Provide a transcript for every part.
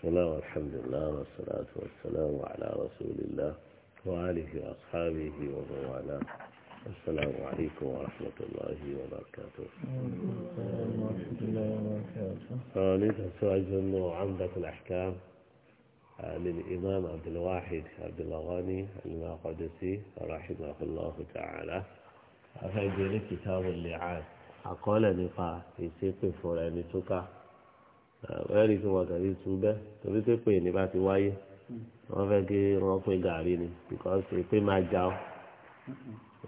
بسم الله والحمد لله والصلاة والسلام على رسول الله وآله وأصحابه ومن والاه السلام عليكم ورحمة الله وبركاته ورحمة الله وبركاته تسواج أنه عمدة الأحكام للإمام عبد الواحد عبد الأغاني المقدسي رحمه الله تعالى أخذ كتاب اللعان أقول لقاء في سيق فرانتك ẹ̀rí kí wọ́n kàrí tu bẹ́ẹ̀ torí pé pè ní bá ti wáyé wọ́n fẹ́ kí wọ́n pín gàrí ni because èpè máa já ọ́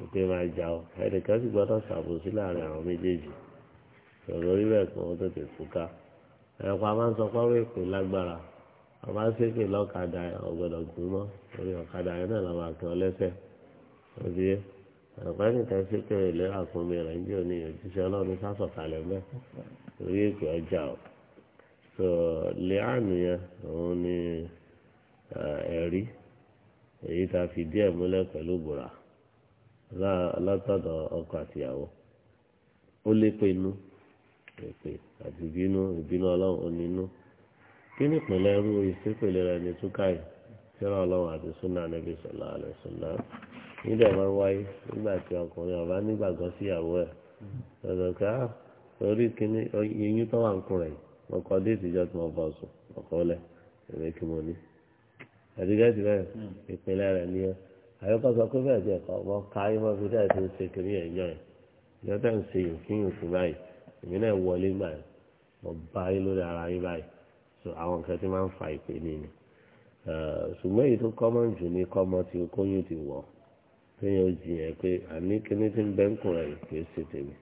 èpè máa já ọ́ ẹnìkan sì gbọ́dọ̀ ṣàbòsí láàrin àwọn méjèèjì ìṣòro orí bẹ́ẹ̀ kí wọ́n tètè túká ẹ̀kọ́ a máa ń sọ pọ́nrọ́ èpè lágbára a máa ń ṣépè lọ́kadà ọ̀gbọ̀dọ̀ gùn mọ́ orí ọ̀kadà yẹn náà ẹ̀kọ́ so lẹ́hànù yẹn òun ni ẹ̀rí èyí ta fi díẹ̀ múlẹ̀ pẹ̀lú bùrà látọ̀dọ̀ ọkọ àtìyàwó ó lépe inú èpè àti ìbínú ìbínú ọlọ́run onínú kí ni ìpínlẹ̀ irú ìsípìlẹ̀ rẹ̀ ní túkàì ọlọ́run àti súnà níbi àlẹ́ máa ń wáyé nígbà tí ọkùnrin ọ̀bá nígbàgbọ́ síyàwó ẹ̀ orí eyín tó wà ń kún rẹ̀ yìí. mo kọ déètì ìjọ tí mo bọ̀ sùn ọkọ lẹ̀ ìwé kí mo ní. àdìgẹ́sì bẹ́ẹ̀ hmm. ìpínlẹ̀ rẹ̀ ní ẹ àyọkọ́ sọ pé bẹ́ẹ̀ jẹ́ kọ́ ọmọ ká yín wọ́n fi dá ìfún ṣe kiri ẹ̀yọ́ ẹ̀ ìjọ tẹ̀ ń ṣe òfin òfin báyìí èmi náà wọlé gbà ẹ̀ mo bá yín lórí ara yín báyìí so àwọn nǹkan tí máa ń fa ìpè ní ni ṣùgbọ́n èyí tó kọ́mọ̀ jù ní kọ́mọ tí okóyún ti wọ̀ téèyàn jiyàn pé àní kíní ti ń bẹ́ńkùn rẹ̀ kì í ṣe tèmi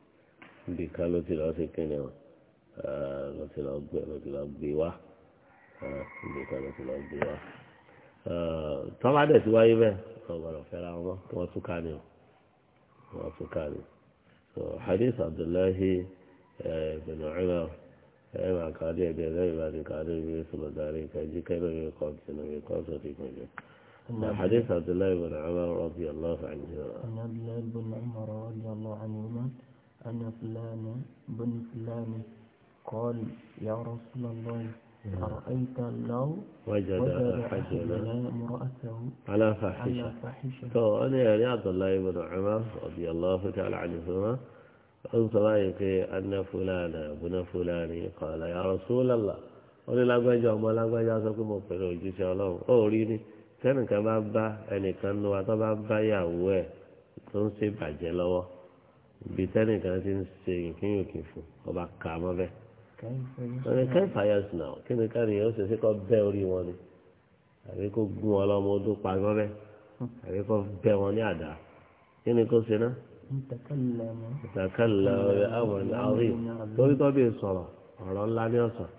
nbìkan ló ti lọ́ọ́ ṣe kíni wọn. Eh, ló ti lọ gbé ló ti lọ gbé wá ibi kan ló ti lọ gbé wá. Eh, tọ́lá dẹ̀ ti wáyé bẹ́ẹ̀ ọgbọ̀nà fẹ́ra wọn kí wọ́n tún ká ní o wọ́n tún ká ní. so hadith abdullahi eh, bin umar ẹ máa kà lẹ́yìn bá ti kà á díẹ̀ bíi kọ́ tìǹbù mi kọ́ sọ̀rọ̀ حديث عبد الله بن عمر رضي الله عنه عن عبد الله بن عمر رضي الله عنهما أن فلان بن فلان قال يا رسول الله أرأيت لو وجد أحدنا امرأته على فاحشة تو أنا يا عبد الله بن عمر رضي الله تعالى عنهما عن طريق أن فلانا بن فلان قال يا رسول الله أولي لا بجا وما لا بجا سكم وفلو جيسي الله أوريني كان كما با أني كان نواتا با يا وي تنسي بجلوه بيتاني كانت تنسي يمكن يكفو وبقى ما بيه ọ̀rẹ́ kẹfà yẹn sùn náà kí ni káàdì yẹn ó ṣe ṣe kọ́ bẹ́ orí wọn ni àbí kó gún ọ lọ́mọ ọdún pàgọ́ rẹ̀ àbí kó bẹ́ wọn ní àdá kí ni kó ṣe náà. ìtàkàlà ọ̀rẹ́ àwọn ẹni àwọn yìí torí tó bí sọ̀rọ̀ ọ̀rọ̀ ńlá ní ọ̀sán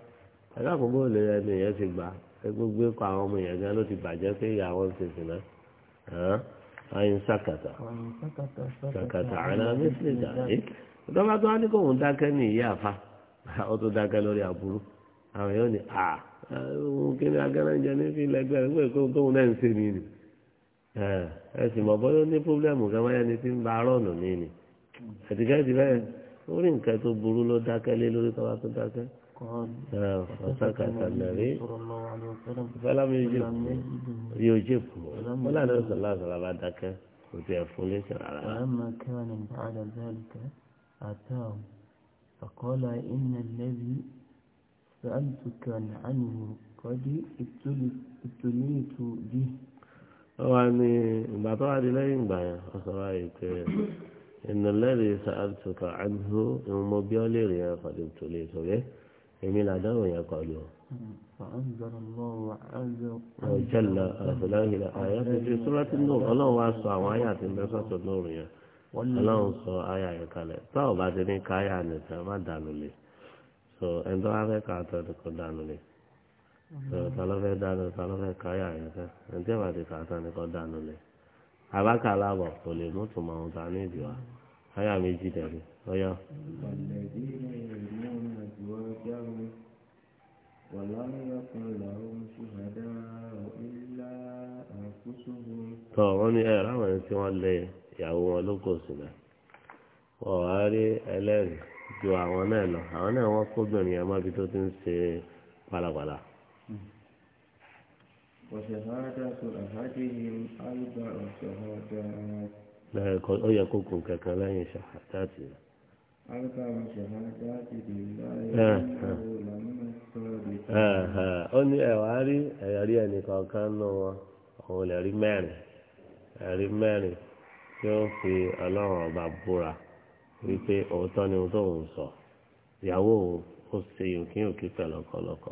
ẹ̀ka àkókò lè ẹni yẹn ti gbà pé gbogbo ikọ̀ àwọn ọmọ yẹn gan ló ti bàjẹ́ pé ìyá wọn ti sìn náà ayin sakata sakata ala misli dalik dọ́gba tó wá ní kò ń dákẹ́ ní ìyá àfa ó tó dákẹ́ lórí àbúrú àwọn yóò ní à òun kí ni agẹ́rẹ́jẹ ní fi lẹ́gbẹ́ rẹ̀ pé kóun tóun náà ń ṣe mí ni ẹ sì mọ̀ bọ́yọ́ ní pọ́blẹ́mù kan ni tí ń ba arọ́ọ̀nù mí ni ẹ̀dìgẹ́dì bẹ́ẹ̀ lórí nǹkan tó burú ló dákẹ́ lé lórí tọ́wá tó dákẹ́. ọ̀sákàtà lẹ́rí fẹ́lámi yóò jẹ́kù wọ́n láti ọ̀sán láti ọ̀sán bá dákẹ́ kò tiẹ̀ fún فقال إن الذي سألتك عنه قد ابتليت به wọ́n ní ìgbà tó wà ní lẹ́yìn ìgbà yẹn wọ́n sọ báyìí pé إن الذي سألتك عنه ìwọ̀n mo bí ọ́ léèrè yẹn قد ابتليت به èmi làdáwò yẹn kọlu. فأنزل الله عز وجل في الآية في سورة النور ọlọ́run wá sọ àwọn àyà àti mẹ́sàn-án tó lóòrùn yẹn ọlọ́run sọ àyà yẹn kalẹ̀ táwọn bá ti ní ká àyà nìkan má dànù lè so ẹni tó wá fẹ́ ká àtọ́ ni kò dànù lè so mm-hmm. ta ló fẹ́ dànù ta ló fẹ́ ká àyà yẹn fẹ́ ẹni tí wàá ti ká àtọ́ ni kò dànù lè abákàlà àbọ̀ kò lè mú tùmọ̀ ohun ta ní ìdíwà àyà méjì tẹ̀lé ọyọ. tọ́ wọ́n ní ẹ̀ ráwọn ẹni tí wọ́n lé e. ìyàwó wọn ló kò sí náà wọ́n wá rí ẹlẹ́rìí ju àwọn náà lọ àwọn náà wọ́n kóbìnrin yẹn mọ́bi tó ti ń ṣe pàlàpàlà. ó yẹ kó kún kankan lẹ́yìn ṣàhádàtì rẹ̀. ó ní ẹ̀wà rí ẹ̀yà rí ẹnì kọ̀ọ̀kan nù wọn òun lè rí mẹ́rin ẹ̀rí mẹ́rin. tí ó fi ọlọ́run ọba búra wípé òótọ́ ni ohun tó ń sọ ìyàwó òun ó ṣe yòókì yòókì pẹ̀lú ọkọlọkọ.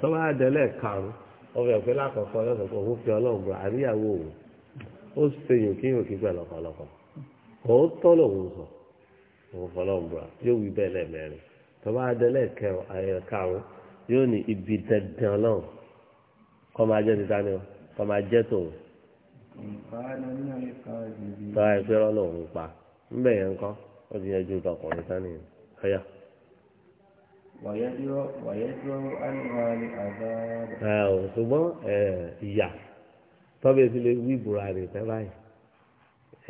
tó bá dẹ́lẹ̀ karùn-ún ọbẹ̀ pé lákọ̀ọ́kọ́ yóò sọ pé òun fi ọlọ́run búra àríyàwó òun ó ṣe yòókì yòókì pẹ̀lú ọkọlọkọ òótọ́ lòun sọ òun fọlọ́run búra yóò wí bẹ́ẹ̀ lẹ́ẹ̀mẹ́rin tó bá dẹ́lẹ̀ karùn-ún yóò ní ibi dandan lọ́hùn kọ́ máa jẹ́ títa ni o kọ́ máa jẹ́ tòun. tọ́ ẹ fi rọ́ lòun pa ńbẹ̀ yẹn ńkọ́ ó ti yẹjú tọkùnrin sani ọ̀yà. ẹ ò ṣùgbọ́n ìyà tọ́bí ti lè wí ìbúra rè tẹ́ báyìí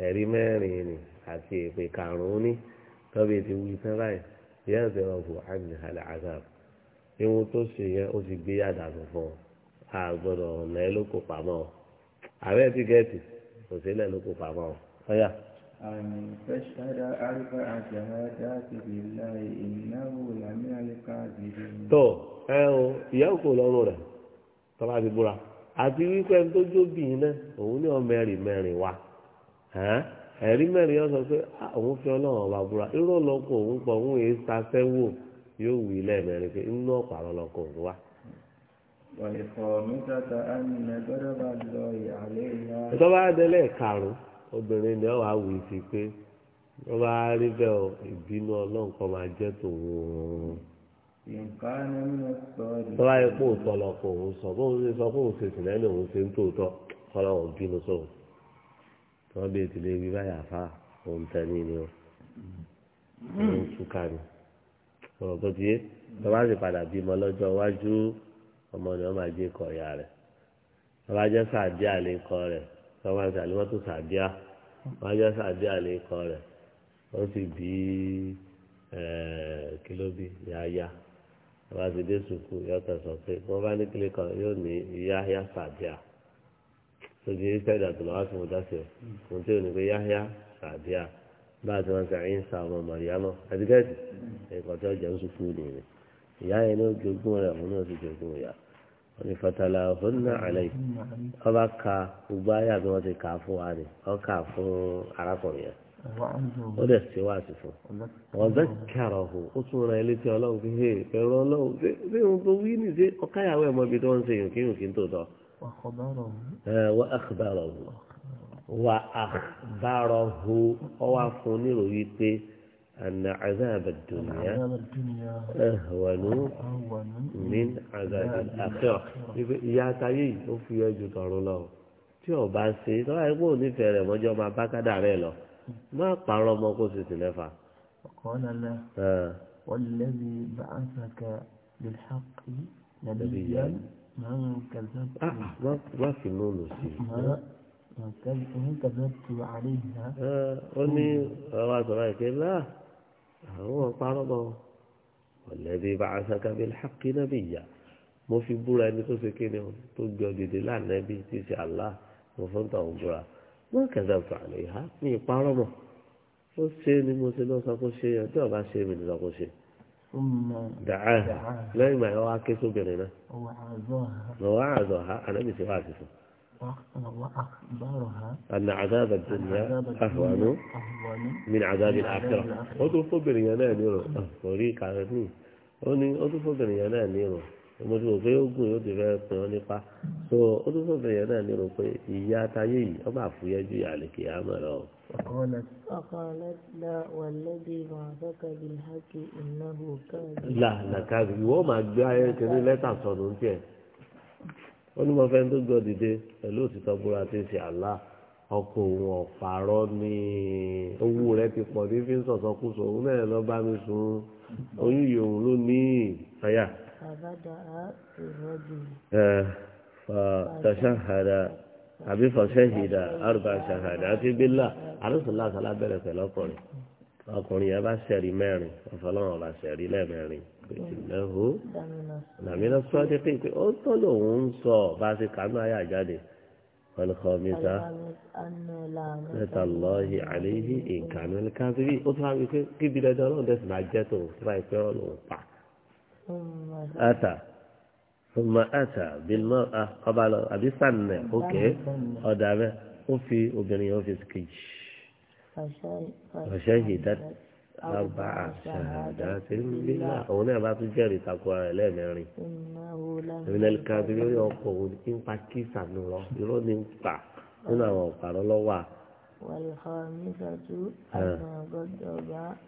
ẹ̀rí mẹ́rin ni àti èpè karùn-ún ní tọ́bí ti wí tẹ́ báyìí ìyá ìṣẹ̀rọ̀ fún àmì àlẹ́ àgàb. tó ṣe yẹn ó ti gbé yàdà tó fún ọ. a gbọ́dọ̀ ọ̀nà pamọ́ ọ ààrẹ ti gẹ̀ẹ́tì kò sílẹ̀ pamọ́ ọ ọ̀yà. àmì fẹ́ṣẹ́dá àríkà àjàrà dáàbìbì láì ìnáwó làmì n'alịka àbìbì. tó ẹ o ìyá òkú lọ́rùn rẹ̀ ti búra àti wípé ẹni tó jóbìnrin náà òun ní ọmọ ẹ̀rì mẹ́rin wa ẹ̀rí mẹ́rin yóò sọ pé òun fi ọlọ́run ọba búra irú òun pọ̀ òun èé yóò pé inú ọ̀pọ̀ ẹ̀tọ́ bá délé ẹ̀karùn obìnrin ni ọ wà wù í sí pé wọ́n bá rí bẹ́ẹ̀ ọ ìbínú ọlọ́run kan máa jẹ́ tòun òun. tọ́lá yẹ kó tọ́lọ̀ òun sọ bó òun sọ bó òun ṣe lẹ́nu òun ṣe ń tòótọ́ kọ́lá òun bínú sóun. wọ́n bí ètò ìlérí báyà fà òun tẹ̀lé ni ó hmm. òun túká ni. ọ̀rọ̀ tó ti yé tọ́lá sì padà bímọ lọ́jọ́ iwájú. ọmọ ni wọ́n máa jẹ́ ikọ̀ ìyá rẹ̀ ọba jẹ́ sàdíà lè kọ́ rẹ̀ ọba jẹ́ sàdíà wọ́n tún sàdíà ọba jẹ́ sàdíà lè kọ́ rẹ̀ ó sì bí kílóbì yáyá ọba sì dé sùkú pé bá ní kílé kan yóò ní yáyá sàdíà sọdí yìí sẹ́dá tó lọ́wọ́ sọ̀rọ̀ tí ní pé yáyá sàdíà bá a ti wọn sàyìn sàmọ̀ mọ̀ríyámọ̀ àti gẹ́sì ẹ̀kọ́ sùkú nìyẹn. ìyá yẹn ní ó jogún rẹ̀ òun náà sì jogún ìyá wọn ni fatala ọ̀húnà àlẹ́ wọn bá ka gbogbo ayé àbí wọn ti kà á fún wa ni wọn kà á fún arákùnrin yẹn ó dẹ̀ ṣe wá sí fún wọn bẹ́ẹ̀ kàrọ̀ hù ó tún ra ilé tí ọlọ́run fi hẹ́ ẹ̀rọ ọlọ́run ṣé òun tó wí ní ṣe ọ̀káyàwó ẹ̀ mọ́bi tó ń ṣe yòókì yòókì tó tọ́ wa akhbarahu wa akhbarahu ọwọ́ afun nírò wípé. أن عذاب الدنيا أهون من عذاب الآخرة يا تايي وفي يجو تارو tí o bá ṣe tó báyìí kó o nífẹ̀ẹ́ rẹ̀ mọ́jọ́ máa bá kádà rẹ̀ lọ má parọ́ ọmọ kó o sì sì lẹ́fà. ọ̀kọ́lá la wàlẹ́bí bá a sàkà lẹ́lẹ́hàkì lẹ́bí yẹn máa ń kàzá tó. má fi lónìí sí i. وكذبت عليها آه. قل لي رواه رايك لا àwọn ọ̀parọ́ mọ́ ọ̀lẹ́bí bá aṣákábí lápí nábì yá mo fi búra ẹni tó ṣe kéde o tó gbé ọdìdì lánàbí tí ṣe àlá mo fún tàwọn búra wọn kẹsà tó àlè ha ní ìparọ́ mọ́ ó ṣe ni mo ṣe lọ́sọ kó ṣe yẹn tí ọba ṣe mi ní lọ́kọ́ ṣe. dàá lẹ́yìn ìgbà yẹn wá ké sóbìnrin náà lọ́wọ́ àzọ̀ ha ànábì ti wá àti fún un. أن عذاب الدنيا أهون من عذاب الآخرة أدو فبر يانا نيرو أفريق على مين أدو فبر يانا نيرو mo ti rò pé ogun yóò ti fẹ́ pin ọ́ so ó tún sọ̀rọ̀ yẹn náà nírò pé ìyá táyé yìí ọba ju ìyàlẹ̀ kìí àmọ́ lọ. là làkàbí ìwọ ó ní mo fẹ́ tó gbọ́ dìde pẹ̀lú òtítọ́ búra tí ń ṣe àlá ọkọ̀ òun ọ̀pàrọ̀ ni owó rẹ ti pọ̀ ní fi ń sọ̀sọ́kùsọ òun náà lọ bá mi sùn oyún yòówù ló ní àyà. fàtàṣàhàdà àbí fàṣẹ́hìdà àrùbà ṣàhàdà àti bílà àrùsùn láṣà lábẹ́rẹ̀ pẹ̀lú ọkọ̀ rẹ̀ ọkùnrin yẹn bá sẹ̀rí mẹ́rin ọ̀fọlọ́wọ́n bá sẹ̀rí lẹ́ẹ̀mẹ́rin ìnáwó làmínà sọ́dé pé pé ó tó lòun ń sọ bá ti kánú ayà jáde ọlùkọ́mísà mẹ́ta lọ́ọ̀hì àléhì ìkànnì káfíbí ó tún wáyé pé kíbi dandan ọlọ́run tẹ̀sí máa jẹ́ tòun tó báyìí pé ọlọ́run pa. ata ọmọ ata bímọ ọba lọ àbí sànnẹ ókè ọ̀dà bẹ́ẹ̀ ó fi obìnrin yẹn ó fi kejì. فشهدت أربع شهادات بالله هنا بعد جاري تقوى لا ماري من الكاذبين يقول إن باكيس نورا يرون إن با هنا وقال الله وا والخامسة أن غضب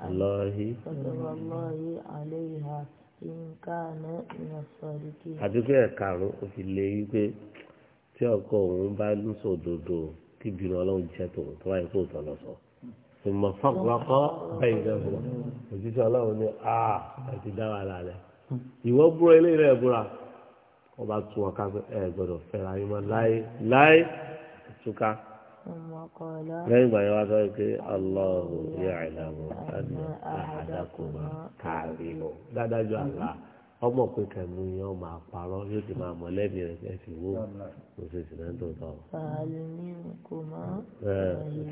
الله غضب الله عليها إن كان من الصادقين àdúgbò ẹ̀karùn-ún ó fi lé wípé tí ọkọ òun bá lùsọ̀ òdodo kí bínú ọlọ́run jẹ́ tòun tó wáyé kó tọ̀ lọ sọ. ثم فرق بينهما òjíṣẹ́ ọlọ́run ní àà àti dá wà lálẹ́ ìwọ búra eléyìí rẹ̀ búra wọ́n bá tún wọn ká pé ẹ gbọ́dọ̀ fẹ́ra yín mọ́ láé láé túká lẹ́yìn ìgbà yẹn wá sọ pé ọlọ́run yóò àìlàmù àdàkùnmá káàrí o dáadáa ju ọmọ pé kẹmú yẹn ọmọ àparọ yóò ti máa mọ̀lẹ́bí rẹ fẹẹ fi wó òṣèṣì náà tó tọ.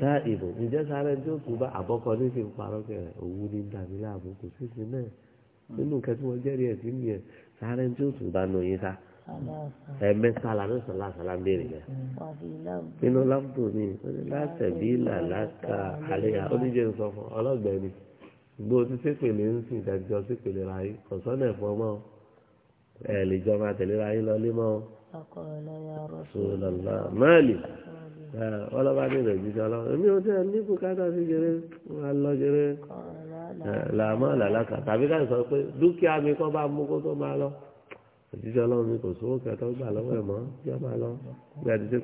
ṣá ìbò ǹjẹ́ sáré tí ó tún bá àbọ̀kọ ní kí n parọ́ kẹrẹ òwú ní dàbí láàbò kò sí sí náà nínú nǹkan tí wọ́n jẹ́rìí ẹ̀sìn nìyẹn sáré tí ó tún bá nù yín sá ẹ̀mẹ́ta la ní sọ̀lá sọ̀lá ń béèrè yẹn. nínú lábùtò mi ó ní látẹ̀bí làlákà àléyà ó ní jẹ́ sọ ọlọ́gbẹ́ni gbó tí sépèlè ń sìn ìdájọ́ sépèlè ra yín kò sọ́nà ẹ̀fọ́ mọ́ ẹ̀ lè jọ máa tẹ̀lé ra yín lọlé mọ́ sọlọ́lá máàlì ọlọ́ba ní ìrẹ̀jú sí ọlọ́run èmi ò tẹ́ ní bùkátà sí jẹrẹ wọn lọ jẹrẹ làmọ́ làlákà tàbí ká sọ pé dúkìá mi kọ́ bá mú kó tó máa lọ òjíṣẹ́ ọlọ́run mi kò sówó kẹtọ́ gbà lọ́wọ́ ẹ̀ mọ́ yọ máa lọ bí a ti ṣe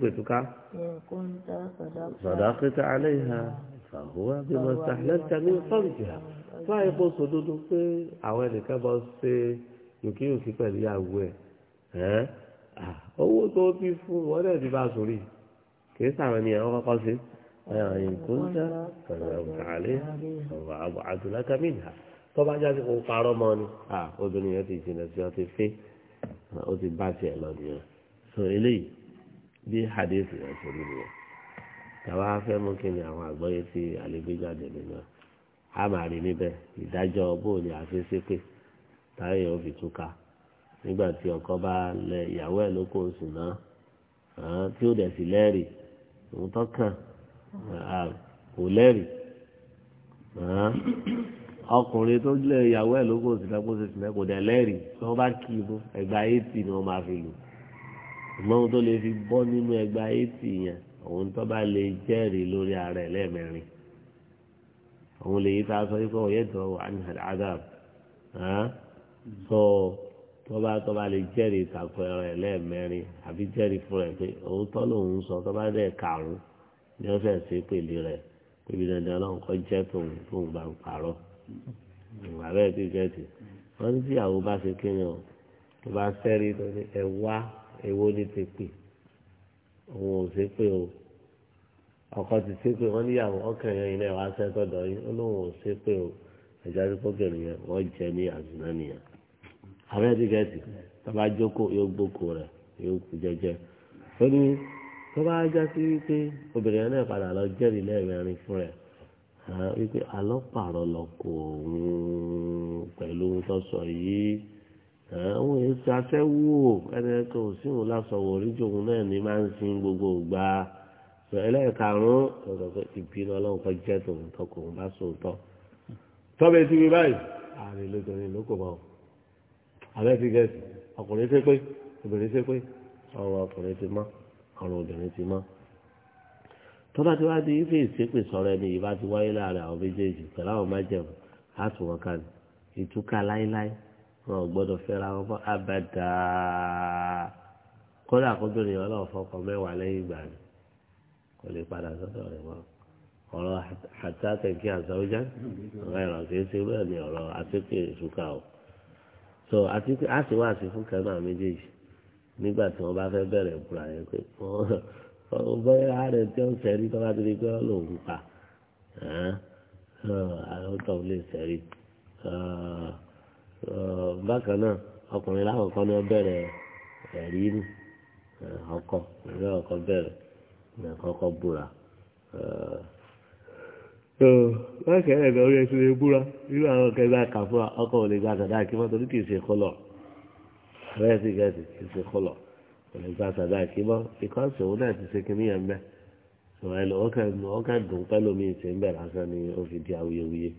kẹta alẹ́ ìhà fàhùwà bí mo sàlẹ́tà ní fọ́ǹtìyà láì bó sòdodo pé àwọn ẹnìkan bá ṣe yòkíyòkí pẹ̀lú ìyàwó ẹ̀ owó tó ti fún wọn náà ti bá a sórí kì í sàrọ̀ ni àwọn kọ́kọ́ sí ìkúnjá ọ̀rẹ́ ọ̀rẹ́ àbùlákàmínà tó bá jáde kó parọ́ mọ́ ni obìnrin yẹn ti jìnnà sí ọ ti fẹ́ ó ti bá tiẹ̀ lọ nìyẹn sọ eléyìí bí hadith yẹn ṣe rí nìyẹn tàwa fẹ́ mú kí ni àwọn àgbọ́yé tí àlegbéjáde nínú a máa rí níbẹ̀ ìdájọ́ bóò ni àfẹsẹ́pẹ́ táyà yóò fi túká nígbà tí ọkọ bá lẹ ìyàwó ẹ̀ lóko oṣù náà tí ó dẹ̀ sí lẹ́rìí òun tó kàn kò lẹ́rìí ọkùnrin tó lẹ ìyàwó ẹ̀ lóko oṣù náà kó ṣe sílẹ̀ kò dẹ̀ lẹ́rìí tí wọ́n bá kí ibú ẹgbàá eighty ni wọ́n máa fi lò ìmọ̀ ohun tó lè fi bọ́ nínú ẹgbàá eighty yẹn òun tó bá lè jẹ́rìí lórí ara ẹ̀ lẹ́ẹ̀mẹrin òun lè yí tá a sọ yí pé òye tó adam so tó bá tó bá lè jẹ́rìí ìtàkùn ẹ̀rọ ẹ̀ lẹ́ẹ̀mẹrin àbí jẹ́rìí fún rẹ̀ pé òótọ́ lòun sọ tó bá dẹ̀ karùn-ún ní ọ̀sẹ̀ sí pèlè rẹ̀ pébi dandan lọ́hùn kọ́ jẹ́ tòun tóun bá ń parọ́ ìwà bẹ́ẹ̀ ti jẹ́ ti wọ́n ní tíyàwó bá ṣe kéèyàn tó bá sẹ́rí tó ní ẹ wá ewo ní ti òun ò ṣe pé o ọkọ ti ṣe pé wọn níyàwó ọkànyàn ilé wa ṣe tọ̀dọ̀ yín ó lóun ò ṣe pé o àjáde pọkẹrì yẹn wọn jẹ ní àzùnà nìyẹn abẹ́tíkẹ́tì tọ́ba jókòó yóò gbókòó rẹ̀ yóò kú jẹjẹ ó ní tọ́ba já sí wípé obìnrin yẹn náà padà lọ jẹ́rìí lẹ́ẹ̀mẹrin fún rẹ̀ wípé alọ́pàá rọ lọ kó òun pẹ̀lú ohun tó sọ yìí àwọn èso aṣẹ́wó ẹnìkan ò sí òun lásọ̀wọ̀ oríjòun náà ní máa ń sin gbogbo ìgbà ẹlẹ́ẹ̀karùn-ún ọ̀sọ̀ pé ìbínú ọlọ́run kan jẹ́ tòun tọ́ kò ń bá sòótọ́ tọ́bẹ̀ tí mi báyìí ààrẹ lóbìnrin ló kò bá ọ abẹ́ ti gẹ̀ẹ́sì ọkùnrin ṣe pé obìnrin ṣe pé ọrùn ọkùnrin ti mọ́ ọrùn obìnrin ti mọ́ tọ́ba tí wàá di ife ìṣépè sọ̀rọ̀ ẹni yìí ti wáyé láàrin àwọn méjèèjì pẹ̀lú àwọn májẹ̀mú wọn ò gbọ́dọ̀ fẹ́ra wọn mọ́ abàdà kódà kóbìnrin ọlọ́run fọkàn mẹ́wàá lẹ́yìn ìgbà ni kò lè padà sọ́dọ̀ rẹ̀ mọ́ ọ̀rọ̀ àtàtẹ̀kí àtàwọ́já ọ̀rọ̀ ẹ̀rọ kìí ṣe bẹ́ẹ̀ ni ọ̀rọ̀ àtẹ́kẹ̀ ìṣúká o so àti a sì wá sí fún kẹ́mà méjèèjì nígbà tí wọ́n bá fẹ́ bẹ̀rẹ̀ ìbúra yẹn pé wọ́n bẹ́ẹ̀ ààrẹ tí ó ń sẹ́rí tó bá ti di pé ó lòun pa àwọn tó ń lè sẹ́rí bákan náà ọkùnrin lákòókò ni wọ́n bẹ̀rẹ̀ ẹ̀rí nù ọkọ ìwé ọkọ bẹ̀rẹ̀ ọkọ búra bákan náà lórí ẹsẹ̀ lè búra nínú àwọn kẹta kàfúrà ọkọ ò lè gba sàdá kí mọ́tò ní kì í ṣe kọlọ̀ rẹ́ẹ̀ sì gẹ̀ẹ́sì kì í ṣe kọlọ̀ ò lè gba sàdá kí mọ́ ìkọ́sì òun náà ti ṣe kìnìyàn mẹ́ ọkàn dùn pẹ́lú mi ṣe ń bẹ̀rẹ̀ lásán ni ó fi di awuyewuye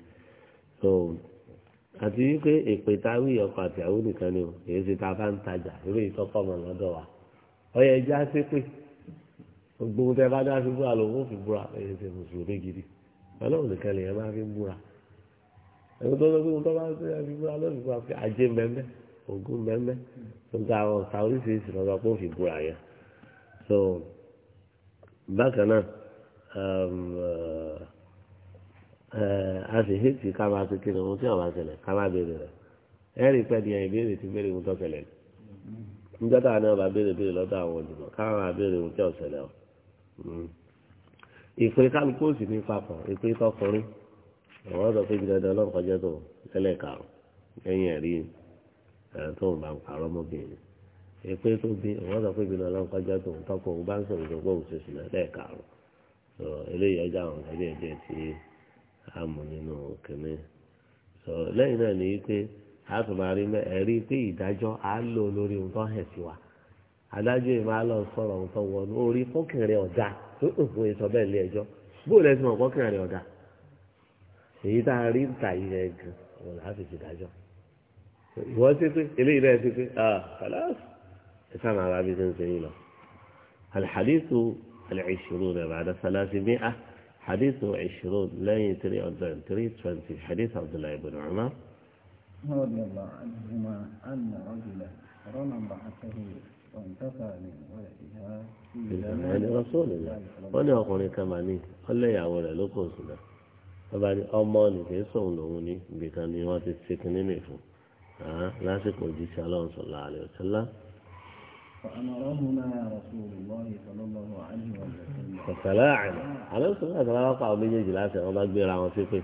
àti wípé èpè táwí ọkọ àti àwọn nìkan ni o èyí ti ta bá ń tajà irú ìtọ́kọ̀ mọ̀ lọ́dọ̀ wa ọyẹ ẹja ṣe pé gbogbo ohun tẹ bá dá sí búra lòun ò fi búra èyí ti mùsùlùmí gidi ọlọ́run nìkan lèyẹn máa fi búra ẹni tó lọ pé ohun tó bá ń tẹ fi búra lọ́ọ̀fi búra pé ajé mẹ́mẹ́ ògún mẹ́mẹ́ tó ń ta àwọn ọ̀sà oríṣiríṣi lọ́dọ̀ pé ó fi búra yẹn so bákan náà. Um, uh, a sì hí ti ká máa ti kiri tí ọba ṣẹlẹ̀ ká máa béèrè rẹ̀ ẹ rí pẹ́ nìyẹn ìbéèrè ti béèrè ohun tó ṣẹlẹ̀ níjọ́ táwọn náà bá béèrè béèrè lọ́dọ̀ àwọn olùmọ̀ ká máa béèrè ohun tí ò ṣẹlẹ̀ o. ìpè kálukú sì ní papọ̀ ìpè tọkùnrin àwọn sọ pé gbẹdẹ ọlọ́nkọjẹ́ tó tẹ́lẹ̀ karùn lẹ́yìn ẹ̀rí tó ń bá ń parọ́ mọ́bìnrin ìpè tó bí àwọn sọ pé gbẹdẹ ọlọ́nkọjẹ́ tó tọkùnrin bá ń sọ̀rọ̀ tó gbóhùn ṣoṣù lẹ́ẹ̀ karùn á mú nínú kìnnì sọ lẹ́yìn náà ní pé a tún máa rí ẹ̀rí pé ìdájọ́ á lò lórí ohun tó hẹ̀ sí wa adájọ́ yìí máa lọ sọ̀rọ̀ ohun tó wọnú orí fọ́kìnrin ọ̀dà tó òfin sọ bẹ́ẹ̀ lé ẹjọ́ bó lẹ́sìn mọ̀ fọ́kìnrin ọ̀dà èyí tá a rí ta yìí rẹ̀ gan òun làá fi ṣèdájọ́ ìwọ ṣe pé eléyìí náà ṣe pé ah kàlàs ẹ sáà máa bá bí ṣe ń ṣe yín lọ alḥadíṣu alẹ́ṣirò rẹ̀ bàdá sálásí bí ah. حديث عشرون لا تري عدن تري تفنتي حديث عبد الله بن عمر رضي الله عنهما أن رجلا رمى امرأته وانتفى من ولدها في زمان رسول الله وأنا أقول كما نيه قال لي أولا لقوسنا طبعا أماني في صولوني بكان يواتي السكنين فو لاسك وجيش الله صلى الله عليه وسلم فأمرهما رسول الله صلى الله عليه وسلم فتلاعن على الصلاة لا وقع من جلاسة وما كبير عن فقه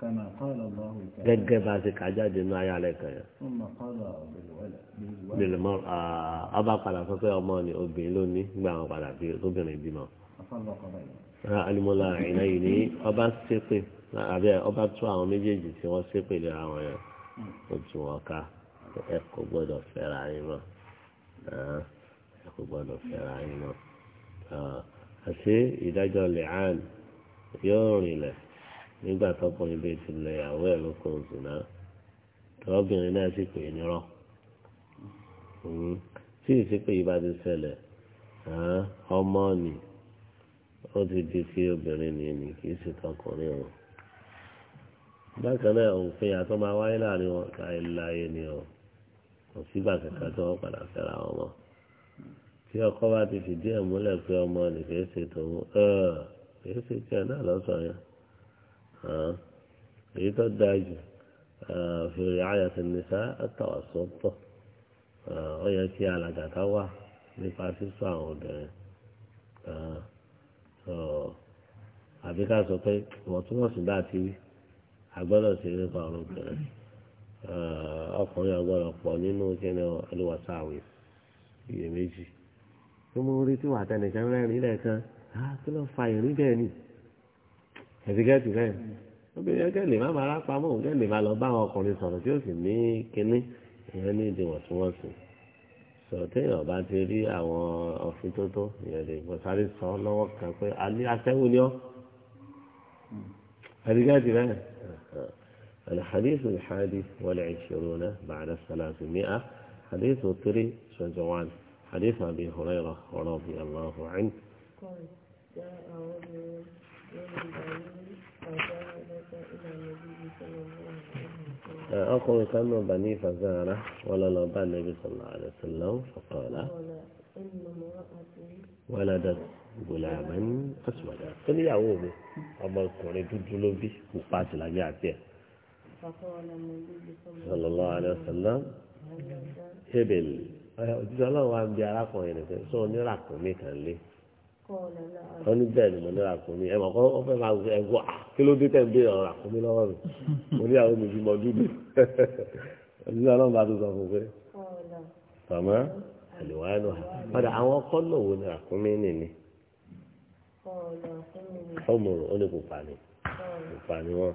كما قال الله تعالى جنجباتك عجاد ما عليك يا ثم قضى بالولد بالمرأة أبا قال فقه أماني أبي لوني ما قال في ربنا بما أطلق بينه الملاعنين أبا السقي àbí ọba tú àwọn méjèèjì tí wọ́n ṣépè lé àwọn yẹn ó tún wọn ká ẹ kò gbọ́dọ̀ fẹ́ra yín mọ́. kò gbọ́dọ̀ fẹ́ra yín lọ. àti ìdájọ́ lẹ́hàn yóò rìnlẹ̀ nígbà tọkùnrin bíi ti lọ ìyàwó ẹ̀ lókun zùnà tọ́bìnrin náà sì pè é nírọ́ tí ì sí pé ibà ti ṣẹlẹ̀ ọmọ ni ó ti di obìnrin ni ni kì í sì tọkùnrin o bákan náà òfin àtọ́ máa wáyé láàrin wọn ni o. kò sígbà kankan tí wọ́n padà fẹ́ra wọn mọ́ tí ọkọ bá ti fìdí ẹ̀ múlẹ̀ pé ọmọ nìkẹ́ ṣe tòun kìí ṣe tiẹ̀ náà lọ́sọ̀ yẹn èyí tó dáa jù fèrè ayàtọ̀ nìṣá àtàwọn sọ́tọ̀ ó yẹ kí alàgàtà wà nípa sísọ àwọn obìnrin àbí sọ pé ìwọ̀ntúnwọ̀nsì bá ti rí agbọ́dọ̀ ṣe nípa ọ̀rọ̀ obìnrin. Eh, ọkùnrin ọgbọ́dọ̀ pọ̀ nínú kíni ẹlẹ́wọ̀sá àwẹ̀ tó mú orí wà tẹnìkan rẹ́rìn lẹ́ẹ̀kan kí ló fa ìrìn bẹ́ẹ̀ ni ẹ̀sìkẹ́tì rẹ̀ obìnrin ẹ̀kẹ́ lè má máa rápamọ́ òun lè má lọ bá ọkùnrin sọ̀rọ̀ tí ó sì ní kínní ìyẹn ní ìdíwọ̀ntúnwọ̀nsì sọ̀rọ̀ téèyàn bá ti rí àwọn ọ̀fin tó tó ìyẹn lè gbọ́ sáré sọ lọ́wọ́ kan pé a ní ni ọ́ ẹ̀sìkẹ́tì rẹ̀ الحديث الحادي والعشرون بعد الثلاثمائة حديث تري شجوان حديث أبي هريرة رضي الله عنه قال جاء رجل كان بني فزارة ولا لبى النبي صلى الله عليه وسلم فقال ولدت غلاما أسودا قل يا أبو أما الكوري تجلو بي مقاتل أبي sallallahu alaihi wasallam hebel òjijì ọlọ́run wa ń bi arákùnrin rẹ̀ pé sọ oníràkùnrin kan lé wọ́n ní bẹ́ẹ̀ ni mo ní ràkùnrin ẹ̀ mọ̀ kọ́ ọ fẹ́ máa wù ẹ̀ wá ah, kí ló dé tẹ̀ ń béèrè ọ̀rọ̀ ràkùnrin lọ́wọ́ mi mo ní àwọn olùbí mọ dúdú òjijì ọlọ́run bá tó sọ fún pé tàmá àlùwáyánù padà àwọn kọ́nà wo ni ràkùnrin nìní ọmọ òní kò pa ni kò pa ni wọ́n.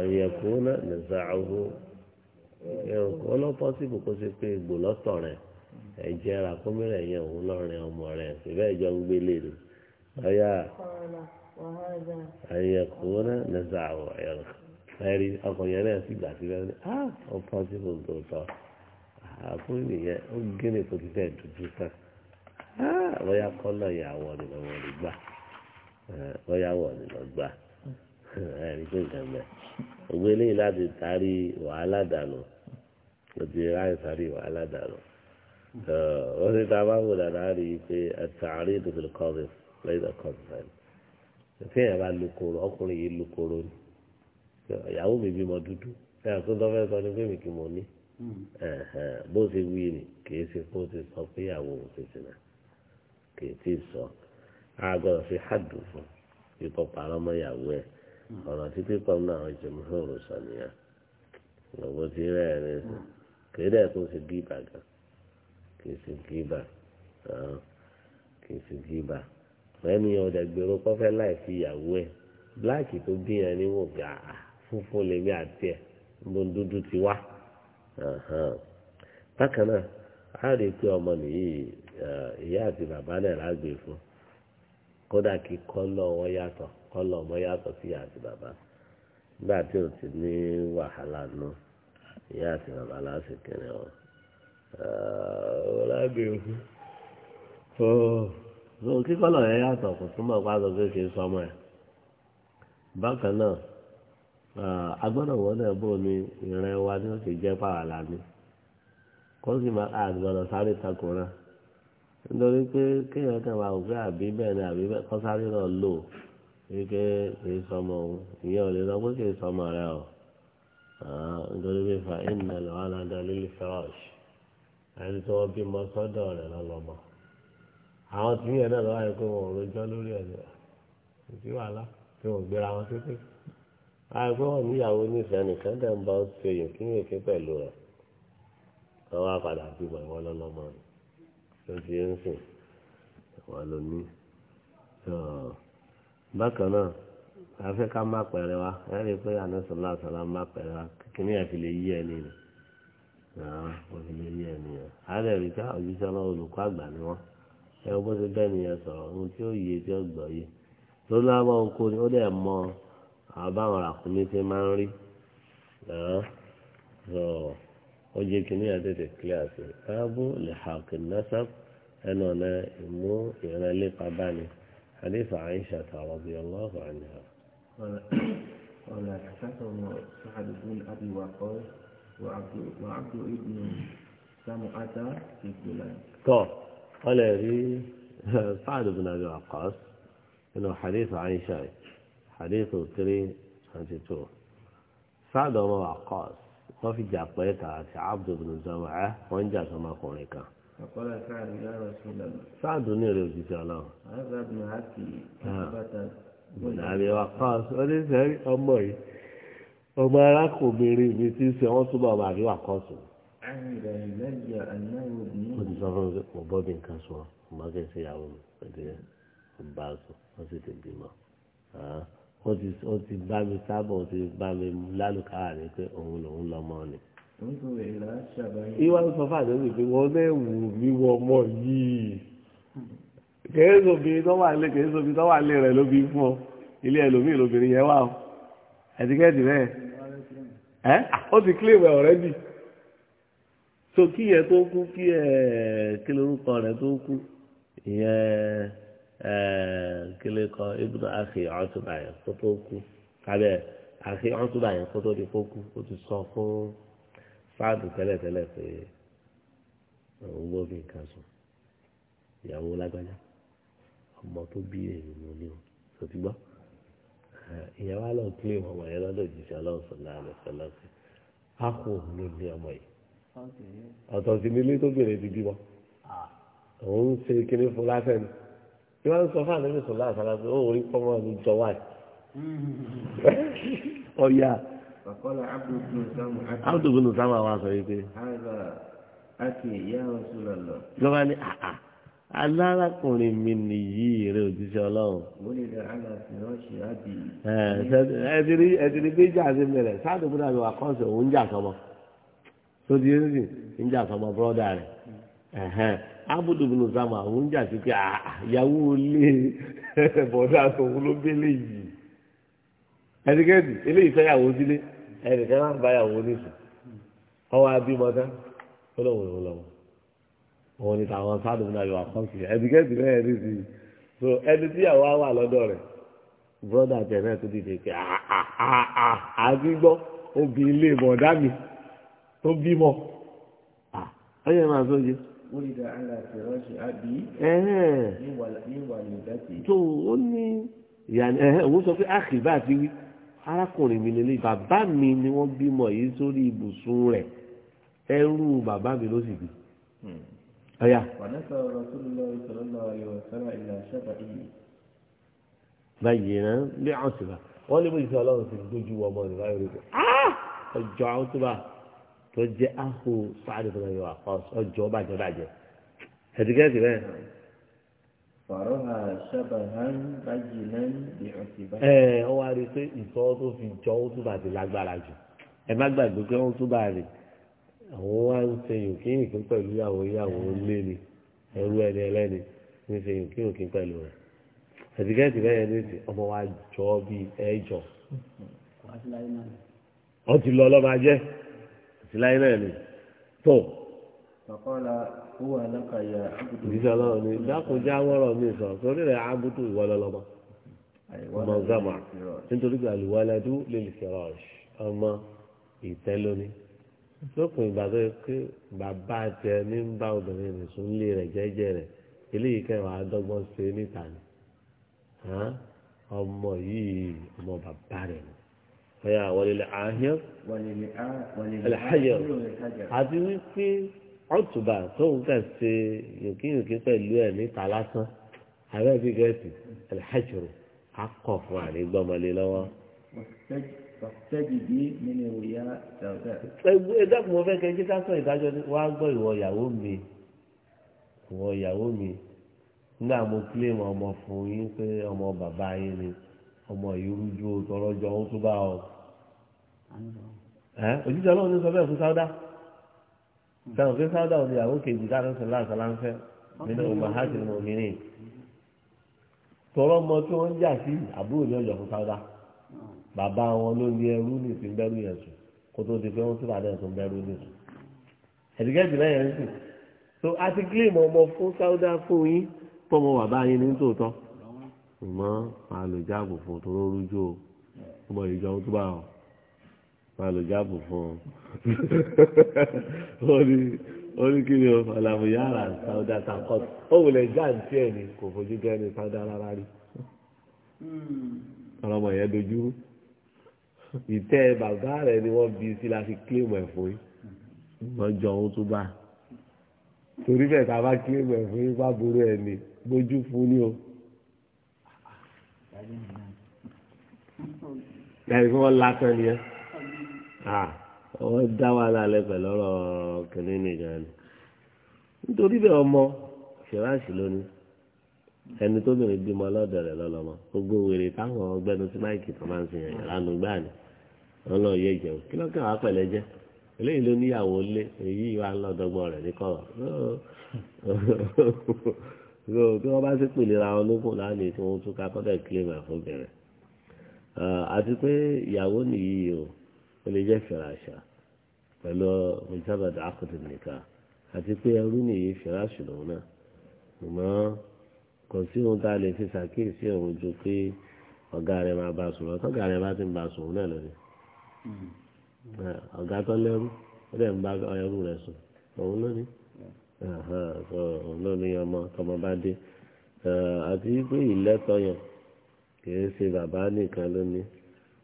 àyẹ̀kúnná nìsàáhù ẹ̀kọ́ lọ pọ́sibù kó ṣe pé egbò lọ́tọ̀ rẹ̀ ẹ̀jẹ̀ ra kómìnà yẹn òun lọ́rin ọmọ rẹ̀ ìbẹ́ ìjọ ń gbélé ni ọ̀yà àyẹ̀kúnná nìsàáhù ẹ̀rọ ẹ̀rí ọkùnrin náà sì gbà síbẹ̀ ah, ah, ní á ọ pọ́sibù tòótọ́ àfún ìnìyẹn ó gíní tó ti fẹ́ dúdú tán ah, á lọ́yà kọ́ lọ́yà wọ̀ nìlọ́wọ́ nìgbà lọ́yà eh, wọ̀ nìlọ́gbà ẹni pé nǹkan bẹ gbogbo eléyìí láti taari wàhálà dànù lóti láti taari wàhálà dànù wọ́n ti ta bá wò dáadáa rí i pé àtàrí ìdókòlù kọ́ọ̀bì lẹ́yìn ọ̀kọ́ọ̀bì kéèyàn bá lu koro ọkùnrin yìí lu koro ni ìyàwó mi bímọ dúdú ẹ àti tó fẹ́ sọ ni pé mi kì mọ ní bó ṣe wí ni kìí ṣe kó ti sọ pé ìyàwó òun ti sìn náà kìí ti sọ àgọ́ fi hàdù fún ikọ̀ pàrọ̀ ìyàwó ẹ̀. ọ̀rọ̀ tí pípọ̀ náà àwọn ìjọba fóònù sọ lọ́wọ́ tí rẹ̀ ní sùn kìí dẹ̀ tó ṣe gíbà gan kìí ṣe gíbà kìí ṣe gíbà lẹ́nu yẹn ọ̀dẹ̀ kọ́fẹ́ láì fi ìyàwó ẹ̀ bíláàkì tó bí yẹn níwò bí àá fúnfún lèmi àti ẹ̀ níbo dúdú ti wá. bákan náà a rí i pé ọmọ nìyí ìyá àti bàbá náà lágbè fún un. kódà kí kọ́lọ̀ wọn yàtọ̀ kọ́lọ̀ wọn yàtọ̀ sí ìyá àti bàbá nígbà tí o ti ní wàhálà nù ìyá àti bàbá lásìkò rẹ ọ ọlábìrin ọ kí kọ́lọ̀ yẹn yàtọ̀ kò túmọ̀ pàtó o kì í sọmọ ẹ bákan náà agbọ́dọ̀ wọ́n náà bò ní ìrìn wa ni ó ti jẹ́ pàwàlà ni kó sì máa àgbọ̀dọ̀ sáré takùnrin. nítorí pé kéèyàn kan wà òkè àbí bẹ́ẹ̀ ni àbí bẹ́ẹ̀ kọ́sáré náà lò wípé kìí sọmọ òun ìyẹn ò lè sọ pé kìí sọmọ rẹ o nítorí pé fa ìnà lọ́wọ́ aládá lílì fẹ́rọ̀ṣì ẹni tí wọ́n bímọ sọ́dọ̀ rẹ̀ lọ́lọ́mọ àwọn tí yẹn náà lọ́wọ́ pé wọn ò rojọ́ lórí ẹ̀ sí wàhálà tí wọn gbéra wọn títí àì pé wọn níyàwó nífẹ̀ẹ́ nìkan dẹ̀ ń bá ó ṣe yìí kí yìí ké tó ti ń sìn wà lónìí bákan náà afẹ́ ká má pẹ̀rẹ̀ wa ẹ rí i pé anásọ̀lá àsọ̀lá má pẹ̀rẹ̀ wa kíní ẹ̀ fi lè yí ẹ nìyẹn wọ́n fi lè yí ẹ nìyẹn alẹ́ rí ká òjíṣẹ́ ọlọ́run olùkọ́ àgbà ni wọ́n ẹ bó ti bẹ́ẹ̀ nìyẹn sọ̀rọ̀ ohun tí ó yé tí ó gbọ́ yé tó lábọ́ oko ni ó dẹ̀ mọ àbáwọn àkúnmí tí máa ń rí. oye kìíní àtẹ̀tẹ̀ kíláàsì báàbù lè xaaqin nasab ẹnu ọ̀nà ìmú ìrìn ilé pàbáni hadith aisha radiyallahu anha. قال حدثنا سعد بن ابي وقاص وعبد وعبد ابن سمعة في فلان. قال لي سعد بن ابي وقاص انه حديث عائشه حديث 3 سعد بن وقاص wọ́n fi jà pẹ́ ta àti abdulbun zawara wọ́n ń jà sọmọkùnrin kan. àkọlẹ̀ sáàdù yára ọ̀sùn lọ́nà. sáàdù ní èrè òṣìṣẹ́ ọlọ́run. àgbà mi á kì í bàtà. ìdàrí wa kọ́ oníṣẹ́ ọmọ yìí ọmọ arákùnrin mi ti ṣe wọ́n túbọ̀ wà ní wàkọ́sù. ó ti sọ fún mi pé mo bọ́ mi nǹkan sọ mo máa kẹ́ ìyàwó mi pẹ̀lú ẹ̀ ń bá a sọ wọ́n sì ti bímọ. Ah ó ti ó ti bá mi sábọ̀ ó ti bá mi lálùkáwà ní pé òun lòun lọ́mọ ni. ìwà ń sọ fáàdé mi pé wọn náà wù mí wọ ọmọ yìí kèésì obìnrin tó wà lé kèésì obìnrin tó wà lé rẹ ló bí fún ọ ilé ẹlòmíì lóbìnrin yẹn wà ó ẹtíkẹ́ẹ̀tì bẹ́ẹ̀ ẹ́ ó ti kílè wẹ̀ ọ̀rẹ́dì so kí yẹn tó kú kí ẹ̀ kí lorúkọ rẹ̀ tó kú ìyẹn. Eh, kílé kan ibùdó àfi ọ̀túnbà yẹn kó tó kú kábẹ́ àfi ọ̀túnbà yẹn kó tó di kó kú ó ti sọ fún fáàdù tẹ́lẹ̀tẹ́lẹ̀ pé òun ló fi nǹkan sùn ìyàwó lágbájá ọmọ tó bí èyí ló ní o tó ti gbọ́ eh, ìyàwó àlọ́ kílé ọmọ yẹn lọ́dọ̀ ìjìṣẹ́ ọlọ́run sọ̀lá rẹ̀ àpò ló ní ọmọ yìí ọ̀tọ̀ sí nílé tó bèrè ti bímọ ah. òun ṣe kíní fún lásẹ̀ ni. tí wọ́n sọ fún àdébí sọ̀lá pé ó rí pọ́nmọ́ ní jọ̀wá ẹ̀. ọ̀yà abdulgun sábà wà sọ yìí pé. lọ́wọ́ ni alárakùnrin mi nìyí eré òjíṣẹ́ ọlọ́run. ẹ̀ẹ́dìrí méjì àti mẹ́rẹ̀ sáàdùkú dàbí wà kọ́ọ̀sì òun ń jà sọmọ. tó di ń jà sọmọ bọ́dà rẹ̀. abudu bùnú sàmà àwọn ń jà sí pé àyàwó ah, ah, lé bọ̀dá tòun ló gbélé yìí ẹnikẹ́ni eléyìí fẹ́yàwó sílé ẹnìkan máa ń báyàwó nísìn ọwọ́ abímọ tán ó lọ́wọ́ ìwọ lọ́wọ́ òun ni tàwọn sádùn náà yọ àkọ́sí ẹnikẹ́ni bẹ́ẹ̀ ní sí so ẹni tíyàwó á wà lọ́dọ̀ rẹ̀ bọ́dà tẹ̀ náà tó dìde pé àti ah, gbọ́ obì ilé bọ̀dá mi tó bímọ ọyẹ máa sọ yìí wúlídà àlà fìrọ́ṣì àbí níwà lùdàtì. tó o ní òun sọ pé àkìbá àti wí arákùnrin mi lélẹ́yìn bàbá mi ni wọ́n bímọ yìí sórí ibùsùn rẹ̀ ẹrú bàbá mi ló sì bí. ọ̀yà. Hmm. wàdàkà rasulillah sallallahu alaihi wasallam ìlà ṣẹ́fà ìyè. báyìí náà bí àwọn sì bá wọ́n ní bó ti sọ ọlọ́run sì dojú ọmọ rẹ̀ báyìí rẹ̀ ah! ọjọ́ àwọn tó bá tó jẹ́ áhù sáàdì tó lọ́yọ̀ àkọ́s ọjọ́ bàjẹ́ bàjẹ́ ẹ̀dígẹ́dì rẹ̀. fàrọ́hà sábàhán bájì náà bí ọtí bá. ẹ ọ wá rí i pé ìtọ́ tó fi jọ ó túbà ti lágbára jù ẹ má gbàgbé pé ó túbà rè àwọn wá ń ṣe yòókì yòókì pẹ̀lú ìyàwó ìyàwó lé ni ẹrú ẹni ẹlẹ́ni ń ṣe yòókì yòókì pẹ̀lú rẹ̀ ẹ̀dígẹ́dì rẹ̀ yẹn ní ti ọmọ wa jọ bíi ẹ̀jọ. wọ́n ti lọ lọ́ba láyé náà ni tó. Bàbá wà lákàyà abudu. Ìdíjà lọ́rọ̀ ni dákúnjá wọ́rọ̀ mi sọ torí rẹ̀ abudu ìwọ lọ́lọ́mọ. Ọmọ Zama nítorí pé àlùwaládú lè lè fẹ́ràn ọmọ ìtẹ́lóní. Lópin ìgbà tó yẹ pé bàbá tiẹ̀ ní ń bá obìnrin rẹ̀ sùn lé rẹ̀ jẹ́jẹ́ rẹ̀ eléyìí kẹwàá dọ́gbọ́n ṣe níta ni. Ọmọ yìí ọmọ bàbá rẹ̀ ni ọ̀yà wọlélẹ̀ ààyàn ẹlẹ́hàyàn àti wípé ọ̀tùbà tóun kà ṣe yòkíyòkí pẹ̀lú ẹ̀ níta lásán àbẹ́ bí gẹ̀ẹ́sì ẹlẹ́hàjòrò akọ̀ fún àrígbọ́mọlé lọ́wọ́. ẹ dákun mo fẹ́ kẹ́ jí ká sọ ìdájọ́ wá gbọ́ ìwọ ìyàwó mi ìwọ ìyàwó mi nígbà mo kílè mọ ọmọ fún yín pé ọmọ bàbá yín ni ọmọ ìrújú tọrọjọ ó tún bá ọ òjíṣẹ́ ọlọ́run ní sọ bẹ́ẹ̀ fún sáúdà sẹ́wọ̀n pé sáúdà ò ní àwọn kejì káàdùn sí láǹsà láǹfẹ́ nínú ọgbà hajj ní obìnrin tọrọ mọ tí wọ́n ń jà sí àbúrò ní ọjọ́ fún sáúdà bàbá wọn ló ní ẹrú ní ìsìn bẹ́rù yẹn sùn kó tó di pé wọ́n tún bàdẹ́ tó bẹ́rù ní sùn ẹ̀dígẹ́jì lẹ́yìn ń sìn so a ti gílèmọ̀ ọmọ fún sáúdà fún yín tọmọ bàbá yín ní tòótọ́ ṣùgbọ́n àlòjáàbò fún tó lórúkọ ọmọ ìjọ tó bá wọn máa lò jáàbù fún un ó ní kí ni o àlàmúyàrá sáúdà tankọ́t ó wùlẹ̀ jáàntì ẹ̀ ni kò fojú gẹ́ni sáúdà rárá rí hmm. ọlọ́mọ yẹn dojú ìtẹ́ bàbá rẹ̀ ni wọ́n bí sí la fi kílèmù ẹ̀ fún yín wọ́n jọ ohun tó bá torí bẹ́ẹ̀ tá a bá kílèmù ẹ̀ fún yín bá burú ẹ̀ ni bójú fún ni o yàrá ìfowópamọ́ lásán ni ẹ́. ọ ah, dá wàhálà alẹ́ pẹ̀lú ọ̀rọ̀ kìnínní nìkan ni nítorí bẹ́ẹ̀ ọmọ ṣèwáṣì lónìí ẹni tó bẹ̀rẹ̀ bímọ ọlọ́dọ̀ rẹ̀ lọ́lọ́mọ gbogbo wèrè táwọn ọgbẹ́nu sí máìkì tó máa ń sìn yàrá nù gbáà ni wọn lọ jẹun kí lọ́kàn wá wa ń rẹ̀ ní kí wọ́n bá sì tí wọ́n tún ká kọ́tẹ̀ fún bẹ̀rẹ̀ ah, àti pé ìyàwó o. ó lè jẹ́ fìràṣà pẹ̀lú mujabad akutu nìkan àti pé ẹrú nìyí fìràṣù lòun náà ṣùgbọ́n kò sí ohun tá a lè fi ṣàkíyèsí òun ju pé ọ̀gá rẹ̀ máa bá a sùn lọ́tọ́ ọ̀gá rẹ̀ bá ti ń bá a sùn òun náà lọ́dẹ hmm. eh, ọ̀gá tó lẹ́rú ó dẹ̀ ń bá ẹrú rẹ̀ sùn òun ló ní òun ló ní ọmọ tọmọ bá dé eh, àti pé ìlẹ́tọ̀ yẹn kì í ṣe bàbá nìkan ló ní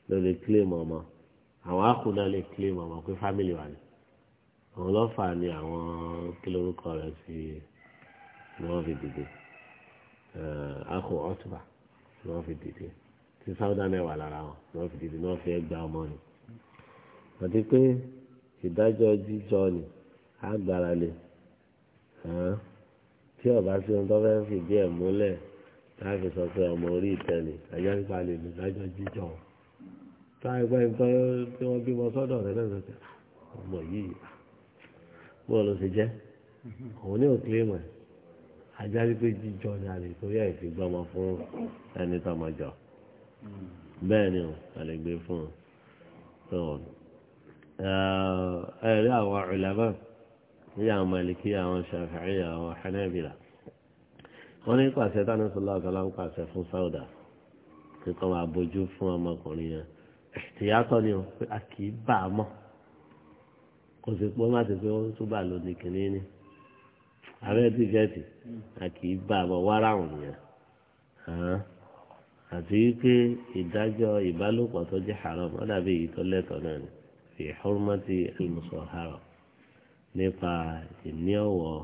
ló lè kílèmọ̀ ọmọ àwọn akùnà lè claim ọmọ pé family wa ni àwọn ọlọ́fà ni àwọn kí lórúkọ rẹ̀ sí ni wọ́n fi dìde eh, akọ ọtúbà ni wọ́n fi dìde tí sáúdà náà wà lára wọn ni wọ́n fi dìde ni wọ́n fi ẹgbà ọmọ ni àti pé ìdájọ́ jíjọ ni agbára lè tí ọba sí ohun tó fẹ́ fìdí ẹ̀ múlẹ̀ láti sọ pé ọmọ orí ìtẹ́ ni ń palẹ̀ ìdájọ́ jíjọ táwọn ẹgbẹ́ nǹkan tí wọ́n bímọ sọ́dọ̀ rẹ̀ lẹ́sọ̀tẹ̀ ọmọ yìí bọ́ọ̀ ló ṣe jẹ́ òun ní òkèlè mọ̀ ajá wípé jíjọ ni a lè torí ẹ̀ fi gbọ́mọ fún ẹni tọmọjọ bẹ́ẹ̀ ni a lè gbé fún un ẹ̀rí àwọn ọ̀lẹ́bà ní àwọn Màlíkì àwọn Ṣáfi'í àwọn Hanabila wọ́n ní pàṣẹ tánà sọlá ọ̀sán láǹpàṣẹ fún Sáúdà kíkọ́ máa bójú fún ọmọkùnrin yẹn ìyàtọ̀ ni o pé a kì í bà á mọ̀ kò sì pé má ti pé ó túbà lónìí kìíní ni abẹ́ a kì í bà á mọ̀ wá ráhùn nìyẹn àti wípé ìdájọ́ ìbálòpọ̀ tó jẹ́ haram ó dàbí èyí tó lẹ́tọ̀ọ́ náà ni fi hurmati haro. musahara nípa ìní ọ̀wọ̀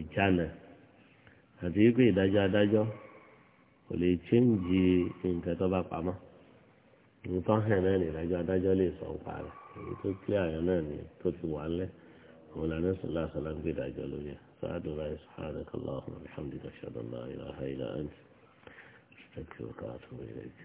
ìjánà àti wípé ìdájọ́ adájọ́ kò lè chíǹjì nǹkan tó bá pamọ́. èyí tó hàn náà ní ìdájọ́ adájọ́ lè sọ ń parẹ́ èyí tó kílẹ̀ àyàn náà ní tó ti wà lẹ́ àwọn ìlànà ìsìnlá àṣàlá ń gbé ìdájọ́ lórí ẹ̀ sáàdùrà ìsàkàlá ọ̀hún alhamdulilayi ṣàdọ̀ náà ìlà àìlà àǹtí. أستغفرك وأتوب إليك